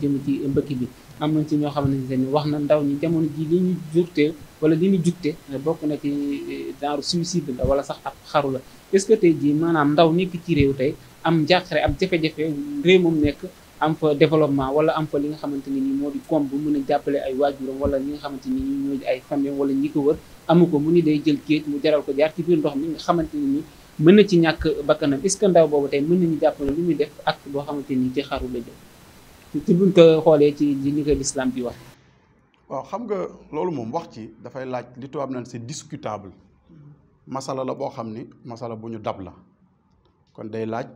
jëm ci mbëkk bi am nañ ci ñoo xamante ne wax na ndaw ñi jamono ji li ñu jurte wala li ñu jugte eh, bokk na ci eh, genre suicide la wala sax ab xaru la est-ce que tey jii maanaam ndaw nekk ci réew tey am njàqare am jafe-jafe réew moom nekk am fa développement wala am fa li nga xamante ne nii moo di koom bu mën a jàppale ay waajuram wala ñi nga xamante ni ñoo di ay famille wala ñi ko wër amu ko mu ni day jël géej mu jaral ko jaar ci biir ndox mi nga xamante ne nii mën na ci ñàkk bakkanam est-ce que ndaw boobu tey mën nañu jàppale lu muy def ak boo xamante ni ci xaru la jël ci buñ ko xolé ci ke ko l'islam bi wax waaw xam nga lolu mom wax ci fay laaj li tuwab naan c'est discutable masala la bo xamni masala buñu dab la kon day laaj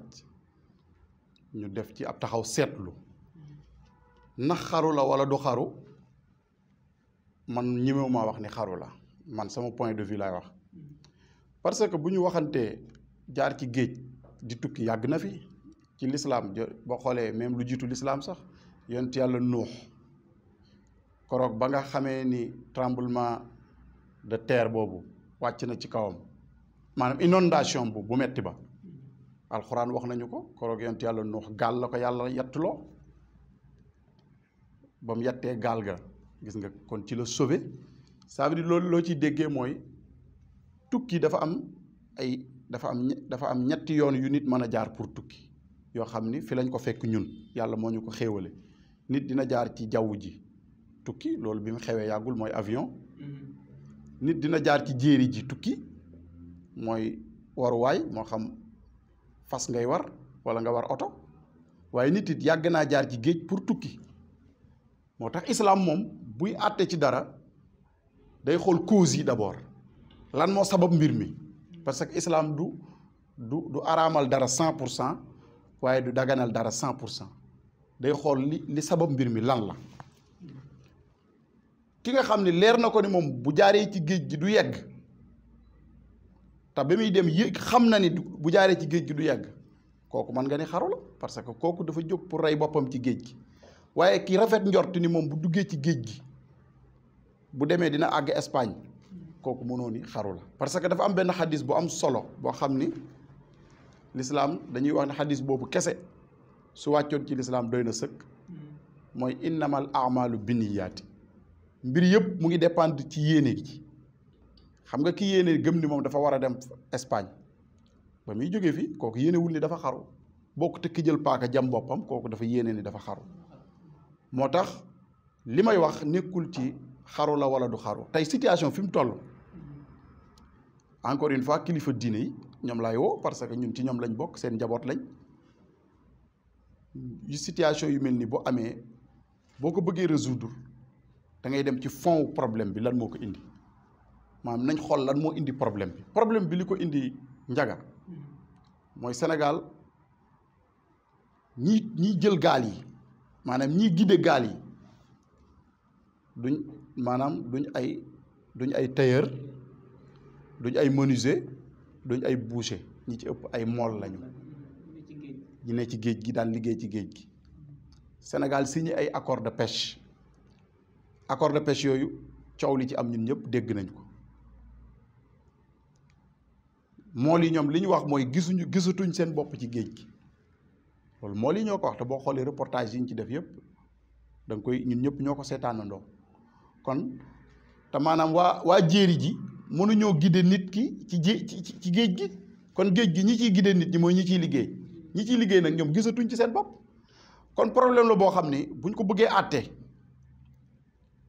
ñu def ci ab taxaw setlu ndax la wala du xaru man ñimeuma wax ni xaru la man sama point de vue lay wax parce que buñu waxante jaar ci geej di tukki yag na fi ci lislaam boo xoolee même lu jiitu lislaam sax yonent yàlla nuux koroog ba nga xamee ni tremblement de terre boobu wàcc na ci kawam maanaam inondation bu bu metti ba alxuraan wax nañu ko koroog yonent yàlla nuux gaal la ko yàlla yettuloo ba mu yettee gaal ga gis nga kon ci la sauvé ça veut dire loolu loo ciy déggee mooy tukki dafa am ay dafa am dafa am ñetti yoon yu nit mën a jaar pour tukki yoo xam ni fi lañ ko fekk ñun yàlla moo ñu ko xéewale nit dina jaar ci jaww ji tukki loolu bi mu xewee yàggul mooy avion mm-hmm. nit dina jaar ci jéeri ji tukki mooy waruwaay moo xam fas ngay war wala nga war oto waaye nit it yàgg naa jaar ci géej pour tukki moo tax islaam moom buy àtte ci dara day xool cause yi d'abord lan moo sabab mbir mi parce que islaam du du du araamal dara cent pour cent waaye du daganal dara cent pour cent day xool li li sabab mbir mi lan la ki nga xam ne leer na ko ni moom bu jaaree ci géej gi du yegg te ba muy dem yëg xam na ni du bu jaaree ci géej gi du yegg kooku mën nga ni xaru la parce que kooku dafa jóg pour rey boppam ci géej gi waaye ki rafet njort ni moom bu duggee ci géej gi bu demee dina àgg Espagne kooku mënoo ni xaru la parce que dafa am benn xadis bu am solo boo xam ni lislaam dañuy wax ne xadis boobu kese su wàccoon ci lislaam doy na sëkk mooy inamal innamal amalu binniyaati mbir yëpp mu ngi dépendre ci yéene gi xam nga ki yéene gëm ni moom dafa war a dem Espagne ba muy jógee fi kooku yéenewul ni dafa xaru bokk te ki jël paaka jam boppam kooku dafa yéene ni dafa xaru moo tax li may wax nekkul ci xaru la wala du xaru tey situation fi mu toll encore une fois kilifa diine yi ñoom laay woo parce que ñun ci ñoom lañ bokk seen njaboot lañ yu situation yu mel ni boo amee boo ko bëggee résoudre da ngay dem ci fond problème bi lan moo ko indi maanaam nañ xool lan moo indi problème bi problème bi li ko indi njaga mooy Sénégal ñi ñiy jël gaal yi maanaam ñi gide gaal yi duñ maanaam duñ ay duñ ay tailleur duñ ay menuisier duñ ay boucher ñi ci ëpp ay mool lañu ñu ne ci géej gi daan liggéey ci géej gi Sénégal signé ay accord de pêche accord de pêche yooyu coow li ci am ñun ñëpp dégg nañ ko mool yi ñoom li ñu wax mooy gisuñu gisatuñ seen bopp ci géej gi loolu mool yi ñoo ko wax te boo xoolee reportage yi ñu ci def yëpp da koy ñun ñëpp ñoo ko seetaanandoo kon te maanaam waa waa jéeri ji mënuñoo giddee nit ki ci ci ci géej gi kon géej gi ñi ciy gidde nit ñi mooy ñi ciy liggéey ñi ciy liggéey nag ñoom gisatuñ ci seen bopp kon problème la boo xam ni buñ ko bëggee àtte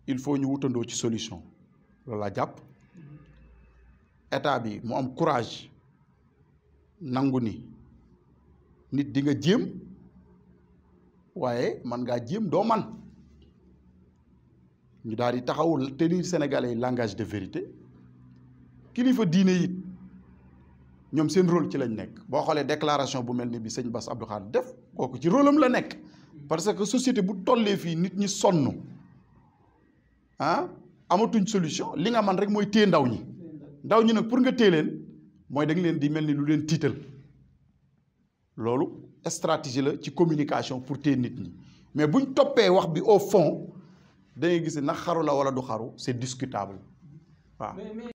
il faut ñu wutandoo ci solution loolu laa jàpp état bi mu am courage nangu ni nit di nga jéem waaye man ngaa jéem doo man ñu daal di taxawul tenir sénégalais yi langage de vérité kilifa diine it ñoom seen rôle ci lañ nekk boo xoolee déclaration bu mel ni bi sëñ Bass Abdou Khan def kooku ci rôle am la nekk parce que société bu tollee fii nit ñi sonn ah amatuñ solution li nga man rek mooy téye ndaw ñi ndaw ñi nag pour nga téye leen mooy da leen di mel ni lu leen tiital loolu stratégie la ci communication pour téye nit ñi mais buñ toppee wax bi au fond da ngay gis ne nag xaru la wala du xaru c'est discutable waaw.